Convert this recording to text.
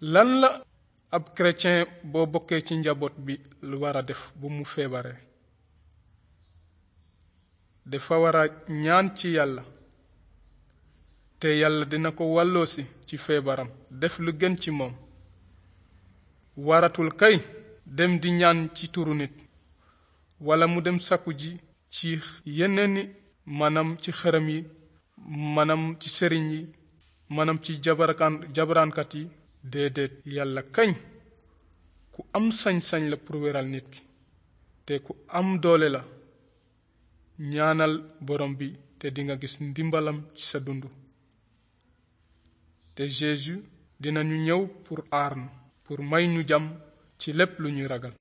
lan la ab chrétien boo bokkee ci njaboot bi lu war a def bu mu feebaree dafa war ñaan ci yàlla te yàlla dina ko wàlloosi ci feebaram def lu gën ci moom waratul kay dem di ñaan ci turu nit wala mu dem sakku ji ci yeneeni maanaam ci xërëm yi maanaam ci sëriñ yi maanaam ci jabaraankat yi déedéet yàlla kañ ku am sañ-sañ la pour wéral nit ki te ku am doole la ñaanal borom bi te dinga gis ndimbalam ci sa dund te Jésus dina ñu ñëw pour aar pour may ñu jam ci lépp lu ñuy ragal